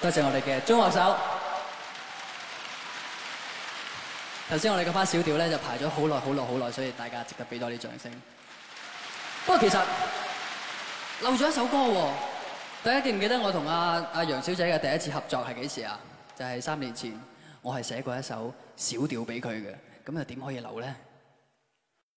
多謝，謝我哋嘅中樂手。頭先我哋嗰班小調呢，就排咗好耐、好耐、好耐，所以大家值得俾多啲掌聲。不過其實漏咗一首歌喎。大家記唔記得我同阿楊小姐嘅第一次合作係幾時啊？就係三年前，我係寫過一首小調俾佢嘅，咁又點可以漏呢？